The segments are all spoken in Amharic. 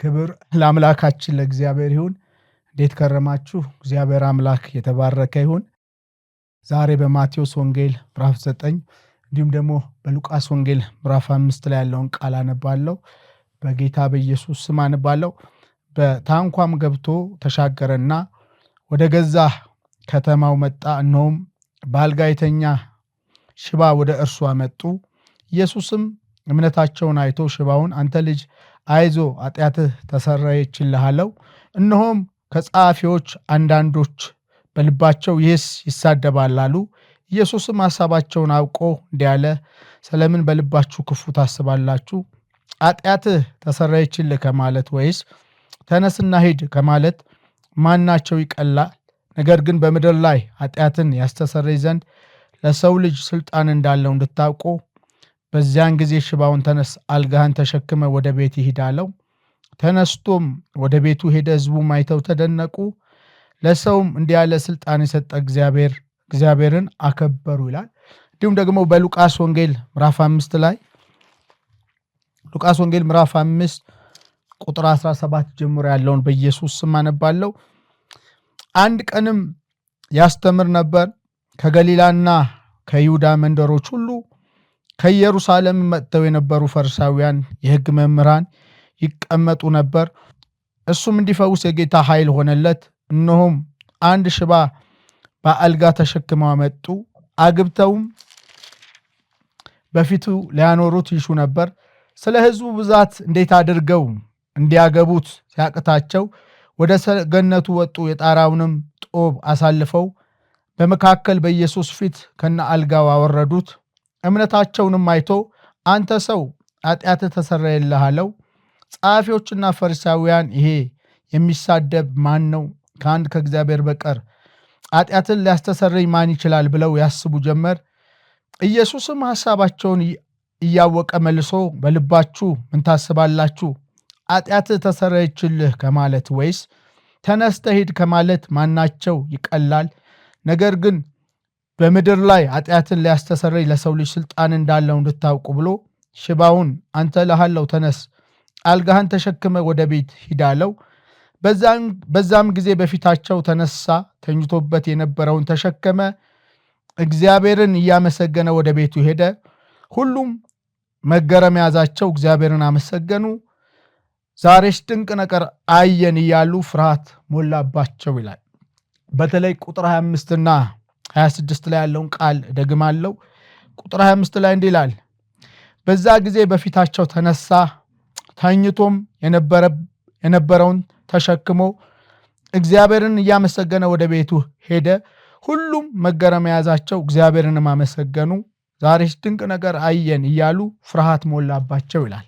ክብር ለአምላካችን ለእግዚአብሔር ይሁን። እንዴት ከረማችሁ? እግዚአብሔር አምላክ የተባረከ ይሁን። ዛሬ በማቴዎስ ወንጌል ምዕራፍ ዘጠኝ እንዲሁም ደግሞ በሉቃስ ወንጌል ምዕራፍ አምስት ላይ ያለውን ቃል አነባለው። በጌታ በኢየሱስ ስም አነባለው። በታንኳም ገብቶ ተሻገረና ወደ ገዛ ከተማው መጣ። እነሆም በአልጋ የተኛ ሽባ ወደ እርሱ አመጡ። ኢየሱስም እምነታቸውን አይቶ ሽባውን አንተ ልጅ አይዞ ኃጢአትህ ተሰረየችልህ አለው። እነሆም ከጸሐፊዎች አንዳንዶች በልባቸው ይህስ ይሳደባል አሉ። ኢየሱስም ሐሳባቸውን አውቆ እንዲህ አለ፣ ስለምን በልባችሁ ክፉ ታስባላችሁ? ኃጢአትህ ተሰረየችልህ ከማለት ወይስ ተነስና ሂድ ከማለት ማናቸው ይቀላል? ነገር ግን በምድር ላይ ኃጢአትን ያስተሰረይ ዘንድ ለሰው ልጅ ስልጣን እንዳለው እንድታውቁ በዚያን ጊዜ ሽባውን ተነስ፣ አልጋህን ተሸክመ ወደ ቤት ይሂድ አለው። ተነስቶም ወደ ቤቱ ሄደ። ህዝቡ አይተው ተደነቁ። ለሰውም እንዲህ ያለ ስልጣን የሰጠ እግዚአብሔርን አከበሩ ይላል። እንዲሁም ደግሞ በሉቃስ ወንጌል ምዕራፍ አምስት ላይ ሉቃስ ወንጌል ምዕራፍ አምስት ቁጥር 17 ጀምሮ ያለውን በኢየሱስ ስም አነባለሁ። አንድ ቀንም ያስተምር ነበር። ከገሊላና ከይሁዳ መንደሮች ሁሉ ከኢየሩሳሌም መጥተው የነበሩ ፈሪሳውያን የሕግ መምህራን ይቀመጡ ነበር። እሱም እንዲፈውስ የጌታ ኃይል ሆነለት። እነሆም አንድ ሽባ በአልጋ ተሸክመው መጡ። አግብተውም በፊቱ ሊያኖሩት ይሹ ነበር። ስለ ሕዝቡ ብዛት እንዴት አድርገው እንዲያገቡት ሲያቅታቸው ወደ ሰገነቱ ወጡ። የጣራውንም ጦብ አሳልፈው በመካከል በኢየሱስ ፊት ከነ አልጋው አወረዱት። እምነታቸውንም አይቶ አንተ ሰው ኃጢአት ተሰረየልህ አለው። ጸሐፊዎችና ፈሪሳውያን ይሄ የሚሳደብ ማን ነው? ከአንድ ከእግዚአብሔር በቀር ኃጢአትን ሊያስተሰረኝ ማን ይችላል? ብለው ያስቡ ጀመር። ኢየሱስም ሐሳባቸውን እያወቀ መልሶ በልባችሁ ምን ታስባላችሁ? ኃጢአት ተሰረየችልህ ከማለት ወይስ ተነስተሂድ ሂድ ከማለት ማናቸው ይቀላል? ነገር ግን በምድር ላይ ኃጢአትን ሊያስተሰርይ ለሰው ልጅ ስልጣን እንዳለው እንድታውቁ ብሎ ሽባውን አንተ እልሃለሁ ተነስ፣ አልጋህን ተሸክመ ወደ ቤት ሂዳለው በዛም ጊዜ በፊታቸው ተነሳ፣ ተኝቶበት የነበረውን ተሸከመ፣ እግዚአብሔርን እያመሰገነ ወደ ቤቱ ሄደ። ሁሉም መገረም ያዛቸው፣ እግዚአብሔርን አመሰገኑ። ዛሬስ ድንቅ ነገር አየን እያሉ ፍርሃት ሞላባቸው ይላል። በተለይ ቁጥር 25ና 26 ላይ ያለውን ቃል ደግማለው። ቁጥር 25 ላይ እንዲህ ይላል፣ በዛ ጊዜ በፊታቸው ተነሳ፣ ተኝቶም የነበረውን ተሸክሞ እግዚአብሔርን እያመሰገነ ወደ ቤቱ ሄደ። ሁሉም መገረም የያዛቸው እግዚአብሔርንም አመሰገኑ። ዛሬስ ድንቅ ነገር አየን እያሉ ፍርሃት ሞላባቸው ይላል።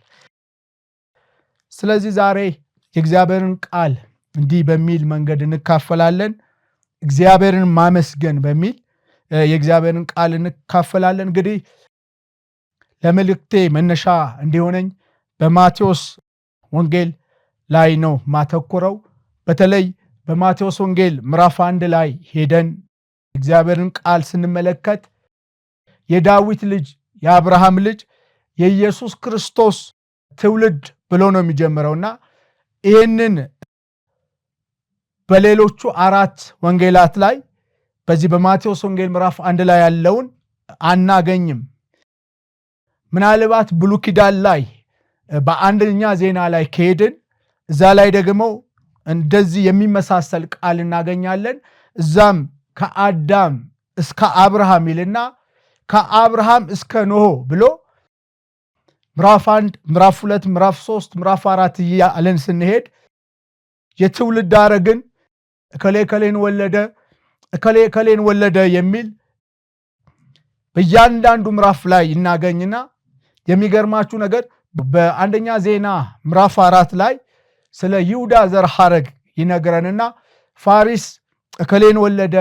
ስለዚህ ዛሬ የእግዚአብሔርን ቃል እንዲህ በሚል መንገድ እንካፈላለን። እግዚአብሔርን ማመስገን በሚል የእግዚአብሔርን ቃል እንካፈላለን። እንግዲህ ለመልእክቴ መነሻ እንዲሆነኝ በማቴዎስ ወንጌል ላይ ነው ማተኩረው። በተለይ በማቴዎስ ወንጌል ምዕራፍ አንድ ላይ ሄደን እግዚአብሔርን ቃል ስንመለከት የዳዊት ልጅ የአብርሃም ልጅ የኢየሱስ ክርስቶስ ትውልድ ብሎ ነው የሚጀምረውና ይህንን በሌሎቹ አራት ወንጌላት ላይ በዚህ በማቴዎስ ወንጌል ምዕራፍ አንድ ላይ ያለውን አናገኝም። ምናልባት ብሉይ ኪዳን ላይ በአንደኛ ዜና ላይ ከሄድን እዛ ላይ ደግሞ እንደዚህ የሚመሳሰል ቃል እናገኛለን። እዛም ከአዳም እስከ አብርሃም ይልና ከአብርሃም እስከ ኖሆ ብሎ ምዕራፍ አንድ ምዕራፍ ሁለት ምዕራፍ ሶስት ምዕራፍ አራት እያለን ስንሄድ የትውልድ ሐረግን እከሌ እከሌን ወለደ እከሌ እከሌን ወለደ የሚል በእያንዳንዱ ምዕራፍ ላይ ይናገኝና የሚገርማችሁ ነገር በአንደኛ ዜና ምዕራፍ አራት ላይ ስለ ይሁዳ ዘር ሐረግ ይነግረንና ፋሪስ እከሌን ወለደ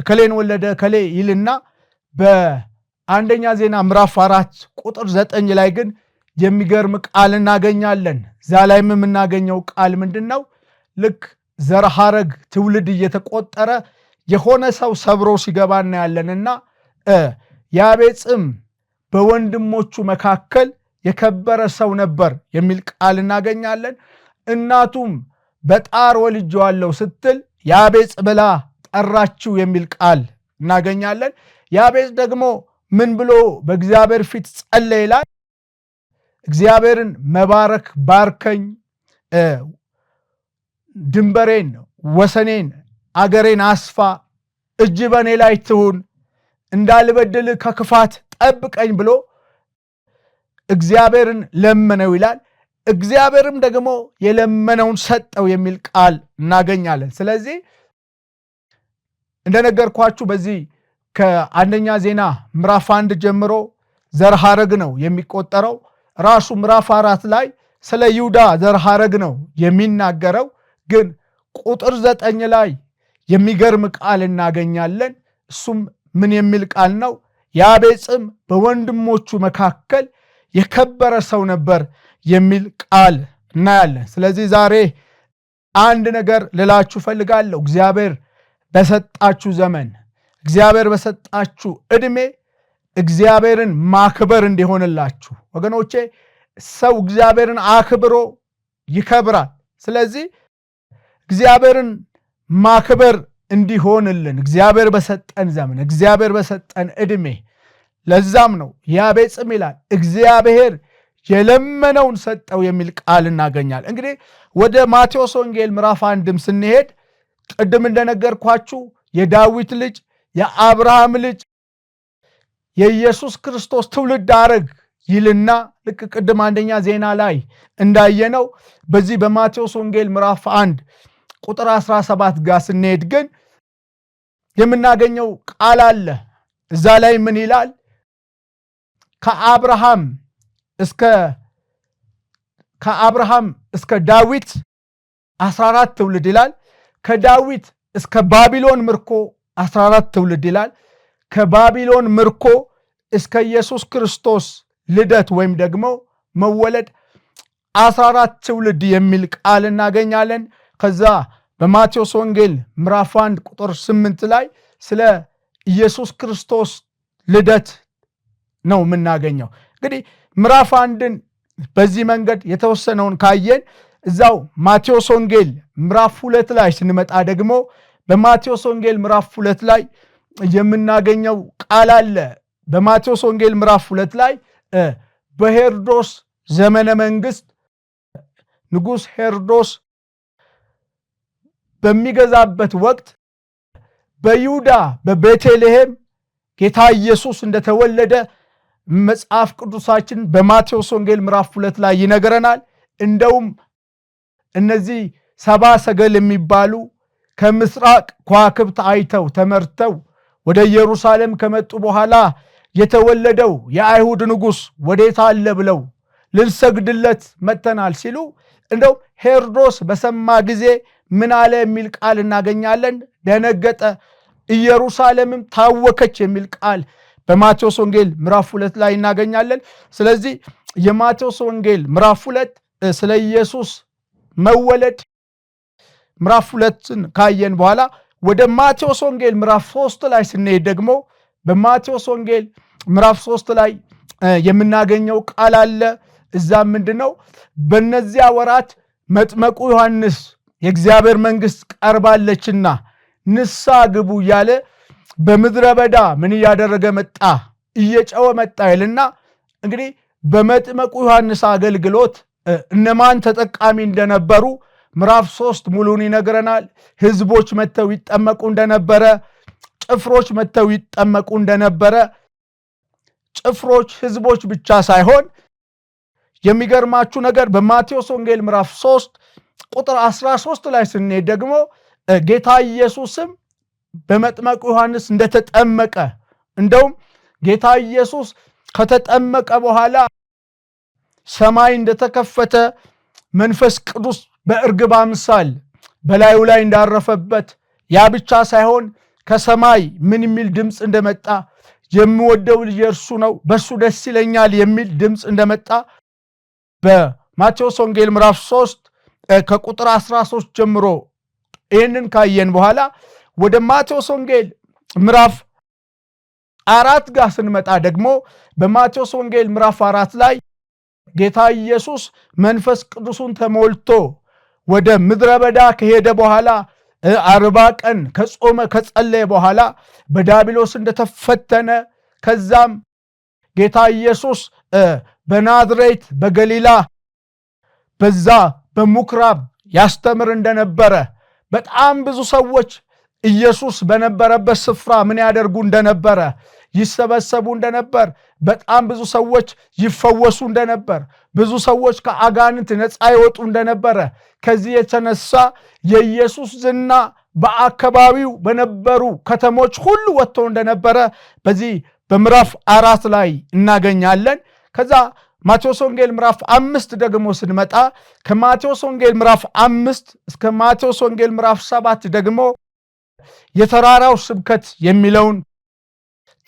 እከሌን ወለደ እከሌ ይልና በአንደኛ ዜና ምዕራፍ አራት ቁጥር ዘጠኝ ላይ ግን የሚገርም ቃል እናገኛለን። እዛ ላይም የምናገኘው ቃል ምንድን ነው? ልክ ዘርሃረግ ትውልድ እየተቆጠረ የሆነ ሰው ሰብሮ ሲገባ እናያለንና ያቤጽም በወንድሞቹ መካከል የከበረ ሰው ነበር የሚል ቃል እናገኛለን። እናቱም በጣር ወልጄዋለሁ ስትል ያቤጽ ብላ ጠራችው የሚል ቃል እናገኛለን። ያቤጽ ደግሞ ምን ብሎ በእግዚአብሔር ፊት ጸለ ይላል። እግዚአብሔርን መባረክ ባርከኝ ድንበሬን ወሰኔን አገሬን አስፋ፣ እጅ በእኔ ላይ ትሁን፣ እንዳልበድል ከክፋት ጠብቀኝ ብሎ እግዚአብሔርን ለመነው ይላል። እግዚአብሔርም ደግሞ የለመነውን ሰጠው የሚል ቃል እናገኛለን። ስለዚህ እንደነገርኳችሁ በዚህ ከአንደኛ ዜና ምዕራፍ አንድ ጀምሮ ዘርሃረግ ነው የሚቆጠረው። ራሱ ምዕራፍ አራት ላይ ስለ ይሁዳ ዘርሃረግ ነው የሚናገረው። ግን ቁጥር ዘጠኝ ላይ የሚገርም ቃል እናገኛለን። እሱም ምን የሚል ቃል ነው? ያቤጽም በወንድሞቹ መካከል የከበረ ሰው ነበር የሚል ቃል እናያለን። ስለዚህ ዛሬ አንድ ነገር ልላችሁ ፈልጋለሁ። እግዚአብሔር በሰጣችሁ ዘመን፣ እግዚአብሔር በሰጣችሁ ዕድሜ እግዚአብሔርን ማክበር እንዲሆንላችሁ ወገኖቼ፣ ሰው እግዚአብሔርን አክብሮ ይከብራል። ስለዚህ እግዚአብሔርን ማክበር እንዲሆንልን እግዚአብሔር በሰጠን ዘመን እግዚአብሔር በሰጠን ዕድሜ ለዛም ነው ያቤጽም ይላል እግዚአብሔር የለመነውን ሰጠው የሚል ቃል እናገኛል። እንግዲህ ወደ ማቴዎስ ወንጌል ምዕራፍ አንድም ስንሄድ ቅድም እንደነገርኳችሁ የዳዊት ልጅ የአብርሃም ልጅ የኢየሱስ ክርስቶስ ትውልድ አረግ ይልና ልክ ቅድም አንደኛ ዜና ላይ እንዳየነው በዚህ በማቴዎስ ወንጌል ምዕራፍ አንድ ቁጥር 17 ጋር ስንሄድ ግን የምናገኘው ቃል አለ። እዛ ላይ ምን ይላል? ከአብርሃም እስከ ከአብርሃም እስከ ዳዊት 14 ትውልድ ይላል። ከዳዊት እስከ ባቢሎን ምርኮ 14 ትውልድ ይላል። ከባቢሎን ምርኮ እስከ ኢየሱስ ክርስቶስ ልደት ወይም ደግሞ መወለድ 14 ትውልድ የሚል ቃል እናገኛለን ከዛ በማቴዎስ ወንጌል ምዕራፍ 1 ቁጥር 8 ላይ ስለ ኢየሱስ ክርስቶስ ልደት ነው የምናገኘው። እንግዲህ ምዕራፍ አንድን በዚህ መንገድ የተወሰነውን ካየን እዛው ማቴዎስ ወንጌል ምዕራፍ ሁለት ላይ ስንመጣ ደግሞ በማቴዎስ ወንጌል ምዕራፍ ሁለት ላይ የምናገኘው ቃል አለ። በማቴዎስ ወንጌል ምዕራፍ ሁለት ላይ በሄሮዶስ ዘመነ መንግስት ንጉሥ ሄሮዶስ በሚገዛበት ወቅት በይሁዳ በቤተልሔም ጌታ ኢየሱስ እንደተወለደ መጽሐፍ ቅዱሳችን በማቴዎስ ወንጌል ምዕራፍ ሁለት ላይ ይነግረናል። እንደውም እነዚህ ሰባ ሰገል የሚባሉ ከምስራቅ ከዋክብት አይተው ተመርተው ወደ ኢየሩሳሌም ከመጡ በኋላ የተወለደው የአይሁድ ንጉሥ ወዴት አለ ብለው ልንሰግድለት መጥተናል ሲሉ እንደውም ሄሮድስ በሰማ ጊዜ ምን አለ የሚል ቃል እናገኛለን። ደነገጠ፣ ኢየሩሳሌምም ታወከች የሚል ቃል በማቴዎስ ወንጌል ምዕራፍ ሁለት ላይ እናገኛለን። ስለዚህ የማቴዎስ ወንጌል ምዕራፍ ሁለት ስለ ኢየሱስ መወለድ ምዕራፍ ሁለትን ካየን በኋላ ወደ ማቴዎስ ወንጌል ምዕራፍ ሶስት ላይ ስንሄድ ደግሞ በማቴዎስ ወንጌል ምዕራፍ ሶስት ላይ የምናገኘው ቃል አለ። እዛ ምንድን ነው? በእነዚያ ወራት መጥመቁ ዮሐንስ የእግዚአብሔር መንግስት ቀርባለችና ንሳ ግቡ እያለ በምድረ በዳ ምን እያደረገ መጣ? እየጨወ መጣ ይልና እንግዲህ በመጥመቁ ዮሐንስ አገልግሎት እነማን ተጠቃሚ እንደነበሩ ምዕራፍ ሶስት ሙሉን ይነግረናል። ህዝቦች መጥተው ይጠመቁ እንደነበረ፣ ጭፍሮች መጥተው ይጠመቁ እንደነበረ፣ ጭፍሮች ህዝቦች ብቻ ሳይሆን የሚገርማችሁ ነገር በማቴዎስ ወንጌል ምዕራፍ ሶስት ቁጥር 13 ላይ ስንሄድ ደግሞ ጌታ ኢየሱስም በመጥመቁ ዮሐንስ እንደተጠመቀ እንደውም ጌታ ኢየሱስ ከተጠመቀ በኋላ ሰማይ እንደተከፈተ መንፈስ ቅዱስ በእርግብ አምሳል በላዩ ላይ እንዳረፈበት ያ ብቻ ሳይሆን ከሰማይ ምን የሚል ድምፅ እንደመጣ የምወደው ልጅ እርሱ ነው በእሱ ደስ ይለኛል የሚል ድምፅ እንደመጣ በማቴዎስ ወንጌል ምዕራፍ 3 ከቁጥር 13 ጀምሮ ይህንን ካየን በኋላ ወደ ማቴዎስ ወንጌል ምዕራፍ አራት ጋር ስንመጣ ደግሞ በማቴዎስ ወንጌል ምዕራፍ አራት ላይ ጌታ ኢየሱስ መንፈስ ቅዱሱን ተሞልቶ ወደ ምድረ በዳ ከሄደ በኋላ አርባ ቀን ከጾመ ከጸለየ በኋላ በዳቢሎስ እንደተፈተነ ከዛም ጌታ ኢየሱስ በናዝሬት በገሊላ በዛ በምኩራብ ያስተምር እንደነበረ በጣም ብዙ ሰዎች ኢየሱስ በነበረበት ስፍራ ምን ያደርጉ እንደነበረ ይሰበሰቡ እንደነበር፣ በጣም ብዙ ሰዎች ይፈወሱ እንደነበር፣ ብዙ ሰዎች ከአጋንንት ነፃ ይወጡ እንደነበረ ከዚህ የተነሳ የኢየሱስ ዝና በአካባቢው በነበሩ ከተሞች ሁሉ ወጥቶ እንደነበረ በዚህ በምዕራፍ አራት ላይ እናገኛለን ከዛ ማቴዎስ ወንጌል ምዕራፍ አምስት ደግሞ ስንመጣ ከማቴዎስ ወንጌል ምዕራፍ አምስት እስከ ማቴዎስ ወንጌል ምዕራፍ ሰባት ደግሞ የተራራው ስብከት የሚለውን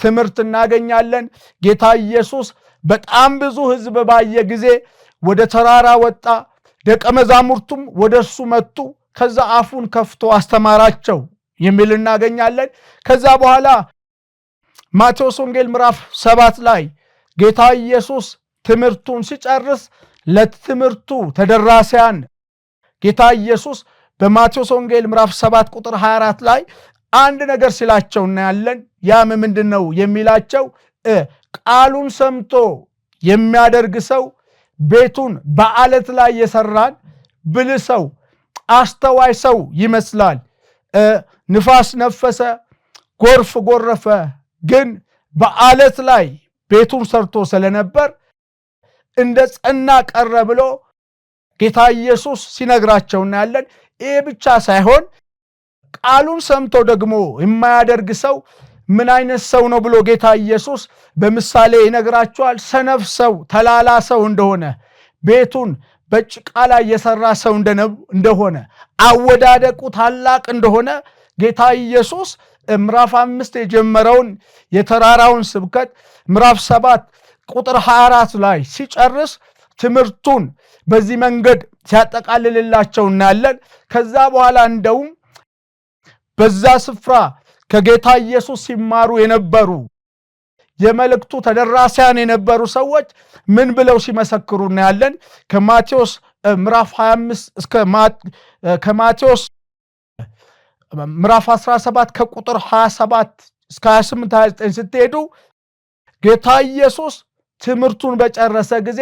ትምህርት እናገኛለን። ጌታ ኢየሱስ በጣም ብዙ ሕዝብ ባየ ጊዜ ወደ ተራራ ወጣ፣ ደቀ መዛሙርቱም ወደ እሱ መጡ፣ ከዛ አፉን ከፍቶ አስተማራቸው የሚል እናገኛለን። ከዛ በኋላ ማቴዎስ ወንጌል ምዕራፍ ሰባት ላይ ጌታ ኢየሱስ ትምህርቱን ሲጨርስ ለትምህርቱ ተደራሲያን ጌታ ኢየሱስ በማቴዎስ ወንጌል ምዕራፍ 7 ቁጥር 24 ላይ አንድ ነገር ሲላቸው እናያለን። ያም ምንድን ነው የሚላቸው? ቃሉን ሰምቶ የሚያደርግ ሰው ቤቱን በአለት ላይ የሰራን ብልህ ሰው፣ አስተዋይ ሰው ይመስላል። ንፋስ ነፈሰ፣ ጎርፍ ጎረፈ፣ ግን በአለት ላይ ቤቱን ሰርቶ ስለነበር እንደ ጸና ቀረ ብሎ ጌታ ኢየሱስ ሲነግራቸው እናያለን። ይህ ብቻ ሳይሆን ቃሉን ሰምቶ ደግሞ የማያደርግ ሰው ምን አይነት ሰው ነው ብሎ ጌታ ኢየሱስ በምሳሌ ይነግራቸዋል። ሰነፍ ሰው፣ ተላላ ሰው እንደሆነ ቤቱን በጭቃ ላይ የሰራ ሰው እንደሆነ አወዳደቁ ታላቅ እንደሆነ ጌታ ኢየሱስ ምዕራፍ አምስት የጀመረውን የተራራውን ስብከት ምዕራፍ ሰባት ቁጥር 24 ላይ ሲጨርስ ትምህርቱን በዚህ መንገድ ሲያጠቃልልላቸው እናያለን። ከዛ በኋላ እንደውም በዛ ስፍራ ከጌታ ኢየሱስ ሲማሩ የነበሩ የመልእክቱ ተደራሲያን የነበሩ ሰዎች ምን ብለው ሲመሰክሩ እናያለን። ከማቴዎስ ምዕራፍ 25 እስከ ከማቴዎስ ምዕራፍ 17 ከቁጥር 27 እስከ 28 29 ስትሄዱ ጌታ ኢየሱስ ትምህርቱን በጨረሰ ጊዜ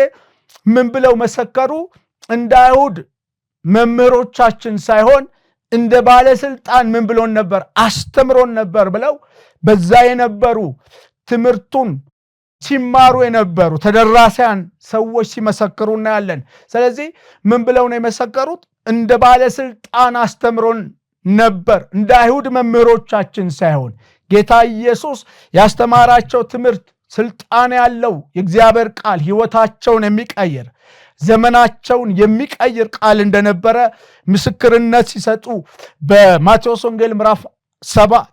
ምን ብለው መሰከሩ? እንደ አይሁድ መምህሮቻችን ሳይሆን እንደ ባለስልጣን ምን ብሎን ነበር? አስተምሮን ነበር ብለው በዛ የነበሩ ትምህርቱን ሲማሩ የነበሩ ተደራሲያን ሰዎች ሲመሰክሩ እናያለን። ስለዚህ ምን ብለው ነው የመሰከሩት? እንደ ባለስልጣን አስተምሮን ነበር እንደ አይሁድ መምህሮቻችን ሳይሆን ጌታ ኢየሱስ ያስተማራቸው ትምህርት ስልጣን ያለው የእግዚአብሔር ቃል ሕይወታቸውን የሚቀይር ዘመናቸውን የሚቀይር ቃል እንደነበረ ምስክርነት ሲሰጡ በማቴዎስ ወንጌል ምዕራፍ ሰባት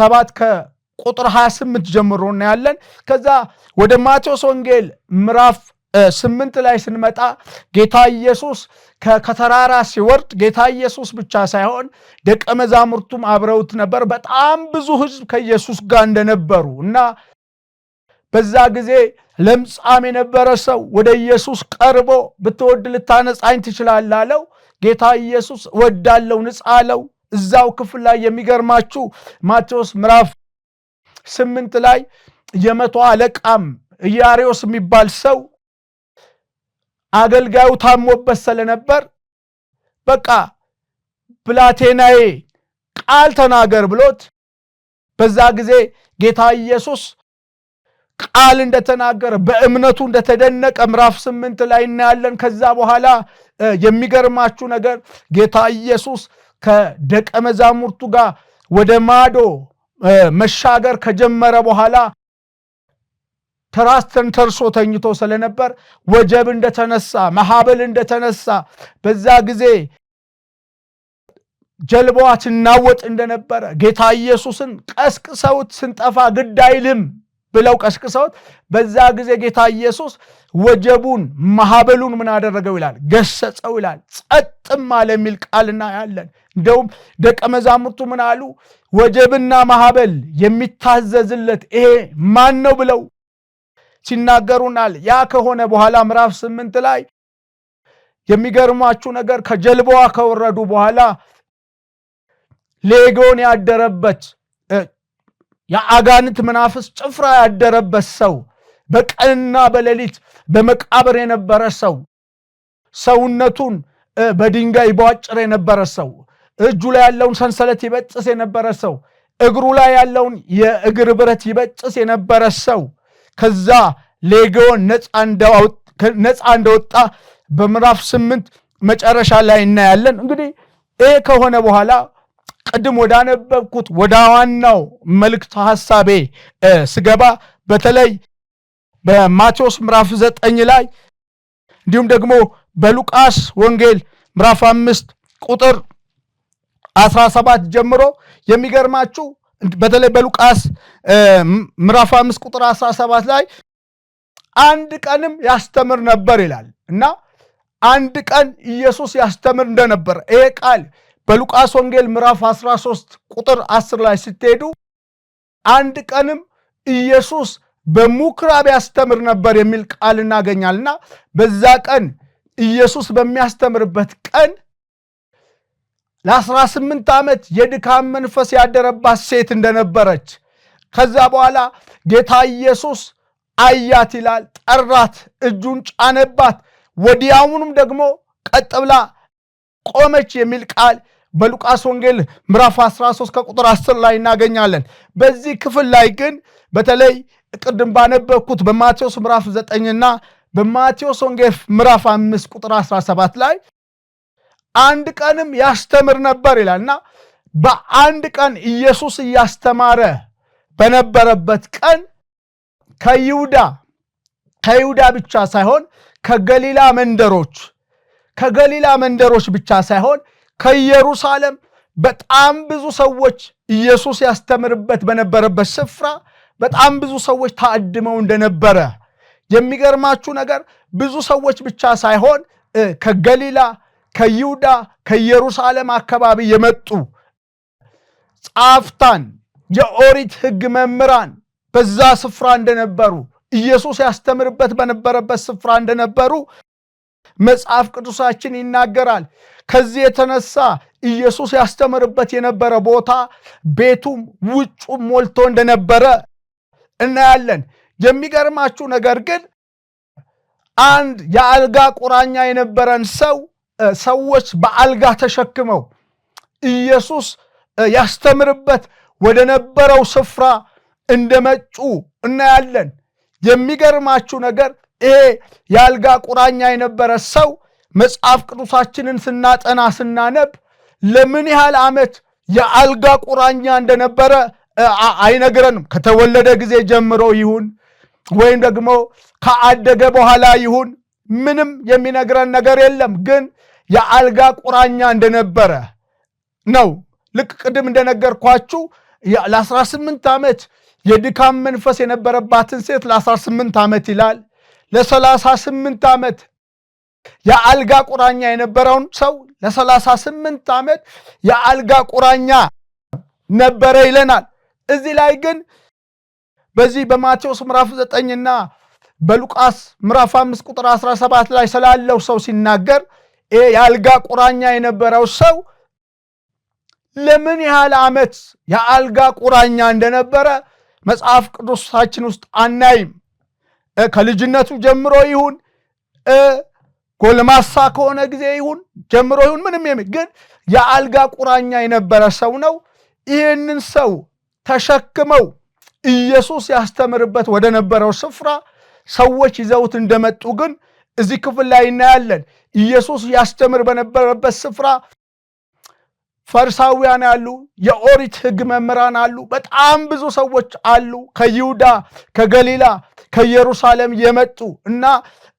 ሰባት ከቁጥር 28 ጀምሮ እናያለን። ከዛ ወደ ማቴዎስ ወንጌል ምዕራፍ ስምንት ላይ ስንመጣ ጌታ ኢየሱስ ከተራራ ሲወርድ ጌታ ኢየሱስ ብቻ ሳይሆን ደቀ መዛሙርቱም አብረውት ነበር። በጣም ብዙ ሕዝብ ከኢየሱስ ጋር እንደነበሩ እና በዛ ጊዜ ለምጻም የነበረ ሰው ወደ ኢየሱስ ቀርቦ ብትወድ ልታነጻኝ ትችላል አለው። ጌታ ኢየሱስ ወዳለው ንጻ አለው። እዛው ክፍል ላይ የሚገርማችሁ ማቴዎስ ምዕራፍ ስምንት ላይ የመቶ አለቃም ኢያሪዎስ የሚባል ሰው አገልጋዩ ታሞበት ስለነበር በቃ ብላቴናዬ ቃል ተናገር ብሎት በዛ ጊዜ ጌታ ኢየሱስ ቃል እንደተናገረ በእምነቱ እንደተደነቀ ምዕራፍ ስምንት ላይ እናያለን። ከዛ በኋላ የሚገርማችሁ ነገር ጌታ ኢየሱስ ከደቀ መዛሙርቱ ጋር ወደ ማዶ መሻገር ከጀመረ በኋላ ትራስ ተንተርሶ ተኝቶ ስለነበር ወጀብ እንደተነሳ መሐበል እንደተነሳ በዛ ጊዜ ጀልባዋ ትናወጥ እንደነበረ ጌታ ኢየሱስን ቀስቅሰውት ስንጠፋ ግድ አይልም ብለው ቀስቅሰውት በዛ ጊዜ ጌታ ኢየሱስ ወጀቡን ማዕበሉን ምን አደረገው ይላል፣ ገሰጸው ይላል። ጸጥም አለ የሚል ቃልና ያለን እንደውም ደቀ መዛሙርቱ ምን አሉ? ወጀብና ማዕበል የሚታዘዝለት ይሄ ማን ነው ብለው ሲናገሩናል። ያ ከሆነ በኋላ ምዕራፍ ስምንት ላይ የሚገርማችሁ ነገር ከጀልባዋ ከወረዱ በኋላ ሌጎን ያደረበት የአጋንት መናፍስ ጭፍራ ያደረበት ሰው፣ በቀንና በሌሊት በመቃብር የነበረ ሰው፣ ሰውነቱን በድንጋይ በዋጭር የነበረ ሰው፣ እጁ ላይ ያለውን ሰንሰለት ይበጥስ የነበረ ሰው፣ እግሩ ላይ ያለውን የእግር ብረት ይበጥስ የነበረ ሰው ከዛ ሌጊዮን ነፃ እንደወጣ በምዕራፍ ስምንት መጨረሻ ላይ እናያለን። እንግዲህ ይሄ ከሆነ በኋላ ቅድም ወዳነበብኩት ወደ ዋናው መልእክት ሐሳቤ ስገባ በተለይ በማቴዎስ ምዕራፍ ዘጠኝ ላይ እንዲሁም ደግሞ በሉቃስ ወንጌል ምዕራፍ አምስት ቁጥር 17 ጀምሮ የሚገርማችሁ በተለይ በሉቃስ ምዕራፍ 5 ቁጥር 17 ላይ አንድ ቀንም ያስተምር ነበር ይላል እና አንድ ቀን ኢየሱስ ያስተምር እንደነበረ ይሄ ቃል በሉቃስ ወንጌል ምዕራፍ 13 ቁጥር 10 ላይ ስትሄዱ አንድ ቀንም ኢየሱስ በምኵራብ ያስተምር ነበር የሚል ቃል እናገኛልና በዛ ቀን ኢየሱስ በሚያስተምርበት ቀን ለ18 ዓመት የድካም መንፈስ ያደረባት ሴት እንደነበረች ከዛ በኋላ ጌታ ኢየሱስ አያት ይላል፣ ጠራት፣ እጁን ጫነባት፣ ወዲያውኑም ደግሞ ቀጥ ብላ ቆመች የሚል ቃል በሉቃስ ወንጌል ምዕራፍ 13 ከቁጥር 10 ላይ እናገኛለን። በዚህ ክፍል ላይ ግን በተለይ ቅድም ባነበብኩት በማቴዎስ ምዕራፍ 9 እና በማቴዎስ ወንጌል ምዕራፍ 5 ቁጥር 17 ላይ አንድ ቀንም ያስተምር ነበር ይላልና በአንድ ቀን ኢየሱስ እያስተማረ በነበረበት ቀን ከይሁዳ ከይሁዳ ብቻ ሳይሆን ከገሊላ መንደሮች ከገሊላ መንደሮች ብቻ ሳይሆን ከኢየሩሳሌም በጣም ብዙ ሰዎች ኢየሱስ ያስተምርበት በነበረበት ስፍራ በጣም ብዙ ሰዎች ታድመው እንደነበረ የሚገርማችሁ ነገር ብዙ ሰዎች ብቻ ሳይሆን ከገሊላ፣ ከይሁዳ፣ ከኢየሩሳሌም አካባቢ የመጡ ጻፍታን፣ የኦሪት ሕግ መምህራን በዛ ስፍራ እንደነበሩ ኢየሱስ ያስተምርበት በነበረበት ስፍራ እንደነበሩ መጽሐፍ ቅዱሳችን ይናገራል። ከዚህ የተነሳ ኢየሱስ ያስተምርበት የነበረ ቦታ ቤቱም ውጩም ሞልቶ እንደነበረ እናያለን። የሚገርማችሁ ነገር ግን አንድ የአልጋ ቁራኛ የነበረን ሰው ሰዎች በአልጋ ተሸክመው ኢየሱስ ያስተምርበት ወደ ነበረው ስፍራ እንደመጩ እናያለን። የሚገርማችሁ ነገር ይሄ የአልጋ ቁራኛ የነበረ ሰው መጽሐፍ ቅዱሳችንን ስናጠና ስናነብ ለምን ያህል ዓመት የአልጋ ቁራኛ እንደነበረ አይነግረንም። ከተወለደ ጊዜ ጀምሮ ይሁን ወይም ደግሞ ከአደገ በኋላ ይሁን ምንም የሚነግረን ነገር የለም። ግን የአልጋ ቁራኛ እንደነበረ ነው። ልክ ቅድም እንደነገርኳችሁ ለ18 ዓመት የድካም መንፈስ የነበረባትን ሴት ለ18 ዓመት ይላል ለሰላሳ ስምንት ዓመት የአልጋ ቁራኛ የነበረውን ሰው ለሰላሳ ስምንት ዓመት የአልጋ ቁራኛ ነበረ ይለናል። እዚህ ላይ ግን በዚህ በማቴዎስ ምዕራፍ ዘጠኝና በሉቃስ ምዕራፍ አምስት ቁጥር 17 ላይ ስላለው ሰው ሲናገር የአልጋ ቁራኛ የነበረው ሰው ለምን ያህል ዓመት የአልጋ ቁራኛ እንደነበረ መጽሐፍ ቅዱሳችን ውስጥ አናይም። ከልጅነቱ ጀምሮ ይሁን ጎልማሳ ከሆነ ጊዜ ይሁን ጀምሮ ይሁን ምንም የሚ ግን የአልጋ ቁራኛ የነበረ ሰው ነው። ይህንን ሰው ተሸክመው ኢየሱስ ያስተምርበት ወደ ነበረው ስፍራ ሰዎች ይዘውት እንደመጡ ግን እዚህ ክፍል ላይ እናያለን። ኢየሱስ ያስተምር በነበረበት ስፍራ ፈሪሳውያን ያሉ፣ የኦሪት ሕግ መምህራን አሉ፣ በጣም ብዙ ሰዎች አሉ። ከይሁዳ፣ ከገሊላ፣ ከኢየሩሳሌም የመጡ እና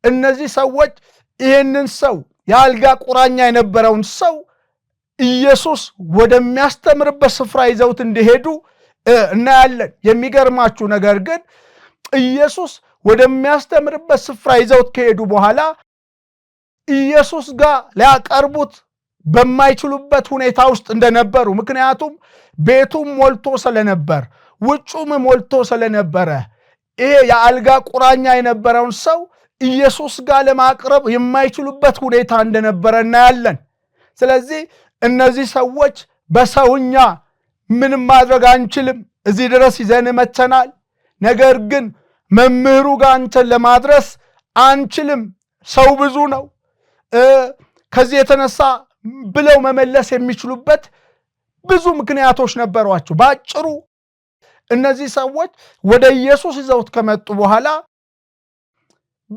እነዚህ ሰዎች ይህንን ሰው የአልጋ ቁራኛ የነበረውን ሰው ኢየሱስ ወደሚያስተምርበት ስፍራ ይዘውት እንዲሄዱ እናያለን። የሚገርማችሁ ነገር ግን ኢየሱስ ወደሚያስተምርበት ስፍራ ይዘውት ከሄዱ በኋላ ኢየሱስ ጋር ሊያቀርቡት በማይችሉበት ሁኔታ ውስጥ እንደነበሩ፣ ምክንያቱም ቤቱም ሞልቶ ስለነበር፣ ውጩም ሞልቶ ስለነበረ ይሄ የአልጋ ቁራኛ የነበረውን ሰው ኢየሱስ ጋር ለማቅረብ የማይችሉበት ሁኔታ እንደነበረ እናያለን። ስለዚህ እነዚህ ሰዎች በሰውኛ ምንም ማድረግ አንችልም፣ እዚህ ድረስ ይዘን መተናል። ነገር ግን መምህሩ ጋር አንተን ለማድረስ አንችልም፣ ሰው ብዙ ነው። ከዚህ የተነሳ ብለው መመለስ የሚችሉበት ብዙ ምክንያቶች ነበሯቸው። በአጭሩ እነዚህ ሰዎች ወደ ኢየሱስ ይዘውት ከመጡ በኋላ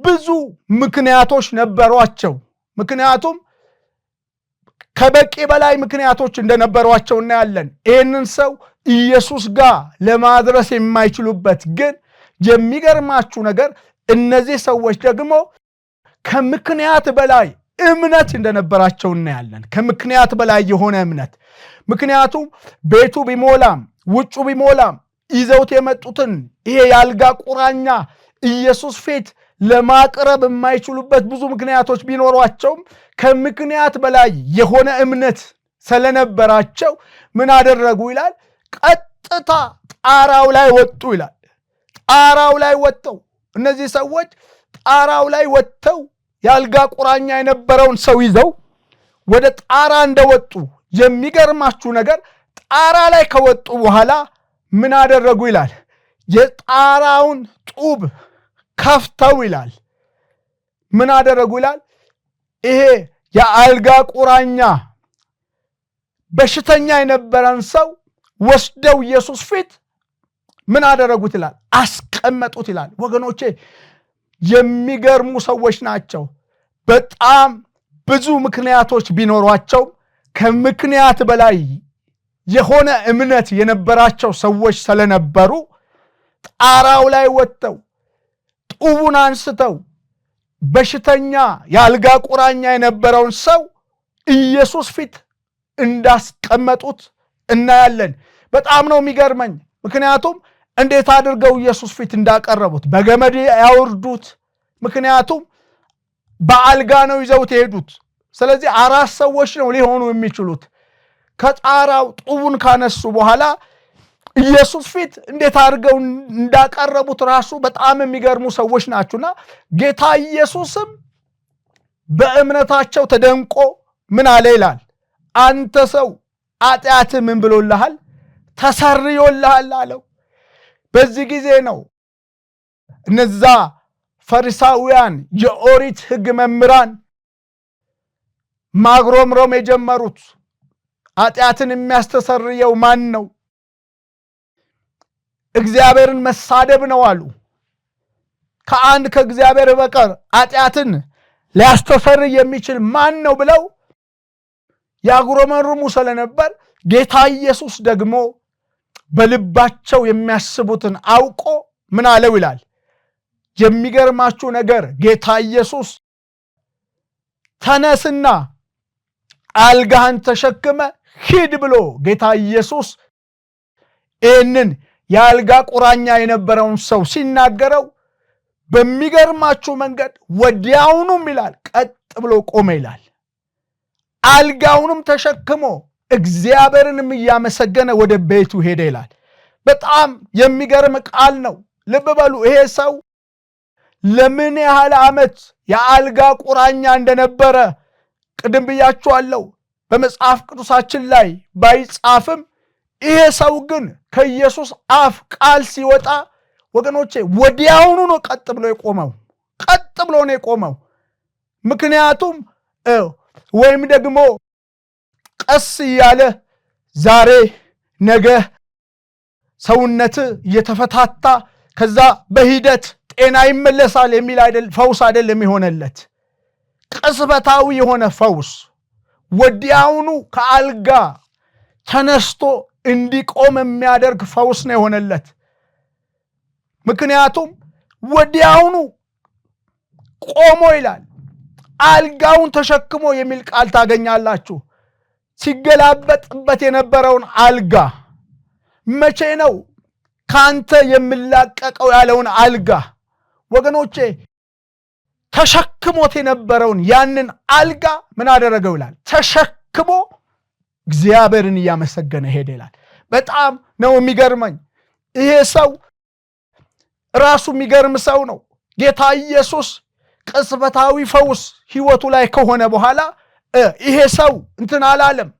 ብዙ ምክንያቶች ነበሯቸው። ምክንያቱም ከበቂ በላይ ምክንያቶች እንደነበሯቸው እናያለን። ይህንን ሰው ኢየሱስ ጋር ለማድረስ የማይችሉበት ግን የሚገርማችሁ ነገር እነዚህ ሰዎች ደግሞ ከምክንያት በላይ እምነት እንደነበራቸው እናያለን። ከምክንያት በላይ የሆነ እምነት። ምክንያቱም ቤቱ ቢሞላም ውጩ ቢሞላም ይዘውት የመጡትን ይሄ የአልጋ ቁራኛ ኢየሱስ ፊት ለማቅረብ የማይችሉበት ብዙ ምክንያቶች ቢኖሯቸውም ከምክንያት በላይ የሆነ እምነት ስለነበራቸው ምን አደረጉ ይላል? ቀጥታ ጣራው ላይ ወጡ ይላል። ጣራው ላይ ወጥተው እነዚህ ሰዎች ጣራው ላይ ወጥተው የአልጋ ቁራኛ የነበረውን ሰው ይዘው ወደ ጣራ እንደወጡ የሚገርማችሁ ነገር ጣራ ላይ ከወጡ በኋላ ምን አደረጉ ይላል። የጣራውን ጡብ ከፍተው ይላል። ምን አደረጉ ይላል። ይሄ የአልጋ ቁራኛ በሽተኛ የነበረን ሰው ወስደው ኢየሱስ ፊት ምን አደረጉት ይላል፣ አስቀመጡት ይላል። ወገኖቼ የሚገርሙ ሰዎች ናቸው። በጣም ብዙ ምክንያቶች ቢኖሯቸው ከምክንያት በላይ የሆነ እምነት የነበራቸው ሰዎች ስለነበሩ ጣራው ላይ ወጥተው ጡቡን አንስተው በሽተኛ የአልጋ ቁራኛ የነበረውን ሰው ኢየሱስ ፊት እንዳስቀመጡት እናያለን። በጣም ነው የሚገርመኝ። ምክንያቱም እንዴት አድርገው ኢየሱስ ፊት እንዳቀረቡት በገመድ ያወርዱት። ምክንያቱም በአልጋ ነው ይዘውት የሄዱት። ስለዚህ አራት ሰዎች ነው ሊሆኑ የሚችሉት። ከጣራው ጡቡን ካነሱ በኋላ ኢየሱስ ፊት እንዴት አድርገው እንዳቀረቡት ራሱ በጣም የሚገርሙ ሰዎች ናችሁና ጌታ ኢየሱስም በእምነታቸው ተደንቆ ምን አለ ይላል፣ አንተ ሰው ኃጢአትህ ምን ብሎልሃል? ተሰርዮልሃል አለው። በዚህ ጊዜ ነው እነዛ ፈሪሳውያን የኦሪት ሕግ መምህራን ማግሮምሮም የጀመሩት። ኃጢአትን የሚያስተሰርየው ማን ነው? እግዚአብሔርን መሳደብ ነው አሉ። ከአንድ ከእግዚአብሔር በቀር ኃጢአትን ሊያስተሰር የሚችል ማን ነው ብለው ያጉረመርሙ ስለነበር ጌታ ኢየሱስ ደግሞ በልባቸው የሚያስቡትን አውቆ ምን አለው ይላል። የሚገርማችሁ ነገር ጌታ ኢየሱስ ተነስና አልጋህን ተሸክመ ሂድ ብሎ ጌታ ኢየሱስ ይህንን የአልጋ ቁራኛ የነበረውን ሰው ሲናገረው በሚገርማችሁ መንገድ ወዲያውኑም ይላል ቀጥ ብሎ ቆመ ይላል። አልጋውንም ተሸክሞ እግዚአብሔርንም እያመሰገነ ወደ ቤቱ ሄደ ይላል። በጣም የሚገርም ቃል ነው። ልብ በሉ። ይሄ ሰው ለምን ያህል ዓመት የአልጋ ቁራኛ እንደነበረ ቅድም ብያችኋለሁ። በመጽሐፍ ቅዱሳችን ላይ ባይጻፍም ይሄ ሰው ግን ከኢየሱስ አፍ ቃል ሲወጣ ወገኖቼ ወዲያውኑ ነው ቀጥ ብሎ የቆመው። ቀጥ ብሎ ነው የቆመው። ምክንያቱም ወይም ደግሞ ቀስ እያለ ዛሬ ነገ ሰውነት እየተፈታታ ከዛ በሂደት ጤና ይመለሳል የሚል ፈውስ አይደለም የሆነለት። ቅጽበታዊ የሆነ ፈውስ ወዲያውኑ ከአልጋ ተነስቶ እንዲቆም የሚያደርግ ፈውስ ነው የሆነለት። ምክንያቱም ወዲያውኑ ቆሞ ይላል፣ አልጋውን ተሸክሞ የሚል ቃል ታገኛላችሁ። ሲገላበጥበት የነበረውን አልጋ መቼ ነው ከአንተ የምላቀቀው ያለውን አልጋ ወገኖቼ ተሸክሞት የነበረውን ያንን አልጋ ምን አደረገው ይላል። ተሸክሞ እግዚአብሔርን እያመሰገነ ሄደ ይላል። በጣም ነው የሚገርመኝ። ይሄ ሰው ራሱ የሚገርም ሰው ነው። ጌታ ኢየሱስ ቅጽበታዊ ፈውስ ህይወቱ ላይ ከሆነ በኋላ ይሄ ሰው እንትን አላለም።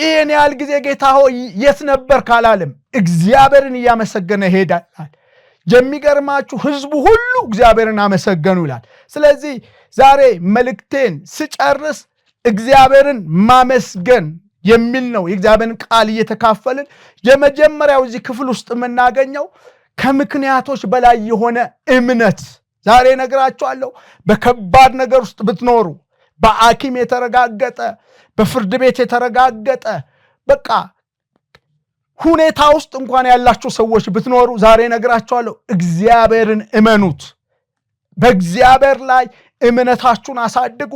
ይህን ያህል ጊዜ ጌታ ሆይ የት ነበር ካላለም እግዚአብሔርን እያመሰገነ ይሄዳል። የሚገርማችሁ ህዝቡ ሁሉ እግዚአብሔርን አመሰገኑ ይላል። ስለዚህ ዛሬ መልእክቴን ስጨርስ እግዚአብሔርን ማመስገን የሚል ነው። የእግዚአብሔርን ቃል እየተካፈልን የመጀመሪያው እዚህ ክፍል ውስጥ የምናገኘው ከምክንያቶች በላይ የሆነ እምነት ዛሬ እነግራችኋለሁ። በከባድ ነገር ውስጥ ብትኖሩ በሐኪም የተረጋገጠ በፍርድ ቤት የተረጋገጠ በቃ ሁኔታ ውስጥ እንኳን ያላችሁ ሰዎች ብትኖሩ ዛሬ ነግራችኋለሁ፣ እግዚአብሔርን እመኑት። በእግዚአብሔር ላይ እምነታችሁን አሳድጉ።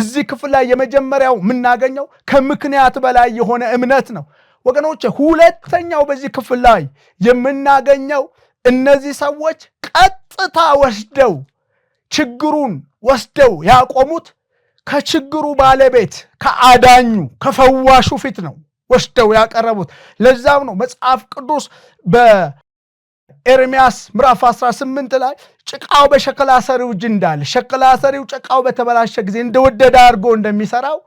እዚህ ክፍል ላይ የመጀመሪያው የምናገኘው ከምክንያት በላይ የሆነ እምነት ነው ወገኖች። ሁለተኛው በዚህ ክፍል ላይ የምናገኘው እነዚህ ሰዎች ቀጥታ ወስደው ችግሩን ወስደው ያቆሙት ከችግሩ ባለቤት ከአዳኙ ከፈዋሹ ፊት ነው ወስደው ያቀረቡት። ለዛም ነው መጽሐፍ ቅዱስ በኤርሚያስ ምዕራፍ 18 ላይ ጭቃው በሸክላ ሰሪው እጅ እንዳለ ሸክላ ሰሪው ጭቃው በተበላሸ ጊዜ እንደወደደ አድርጎ እንደሚሰራው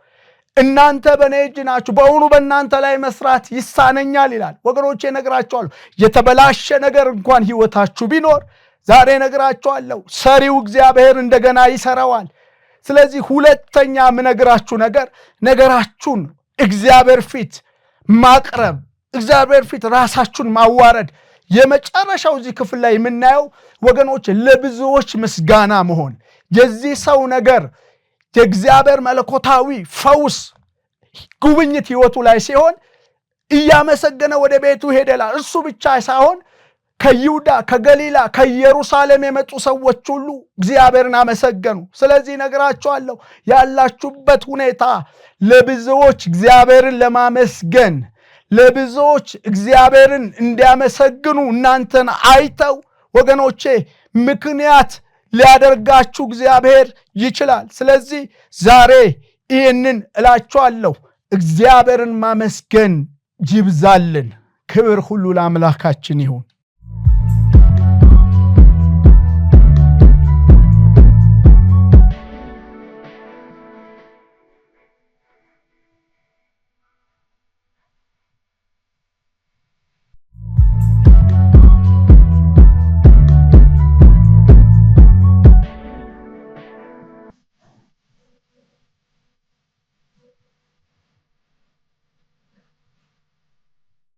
እናንተ በእኔ እጅ ናችሁ፣ በእውኑ በእናንተ ላይ መስራት ይሳነኛል ይላል። ወገኖቼ እነግራችኋለሁ፣ የተበላሸ ነገር እንኳን ህይወታችሁ ቢኖር ዛሬ እነግራችኋለሁ፣ ሰሪው እግዚአብሔር እንደገና ይሰራዋል። ስለዚህ ሁለተኛ ምነግራችሁ ነገር ነገራችሁን እግዚአብሔር ፊት ማቅረብ፣ እግዚአብሔር ፊት ራሳችሁን ማዋረድ የመጨረሻው እዚህ ክፍል ላይ የምናየው ወገኖች ለብዙዎች ምስጋና መሆን የዚህ ሰው ነገር የእግዚአብሔር መለኮታዊ ፈውስ ጉብኝት ህይወቱ ላይ ሲሆን እያመሰገነ ወደ ቤቱ ሄደላል። እሱ ብቻ ሳይሆን ከይሁዳ ከገሊላ ከኢየሩሳሌም የመጡ ሰዎች ሁሉ እግዚአብሔርን አመሰገኑ። ስለዚህ እነግራችኋለሁ ያላችሁበት ሁኔታ ለብዙዎች እግዚአብሔርን ለማመስገን ለብዙዎች እግዚአብሔርን እንዲያመሰግኑ እናንተን አይተው ወገኖቼ ምክንያት ሊያደርጋችሁ እግዚአብሔር ይችላል። ስለዚህ ዛሬ ይህንን እላችኋለሁ፣ እግዚአብሔርን ማመስገን ይብዛልን። ክብር ሁሉ ለአምላካችን ይሁን።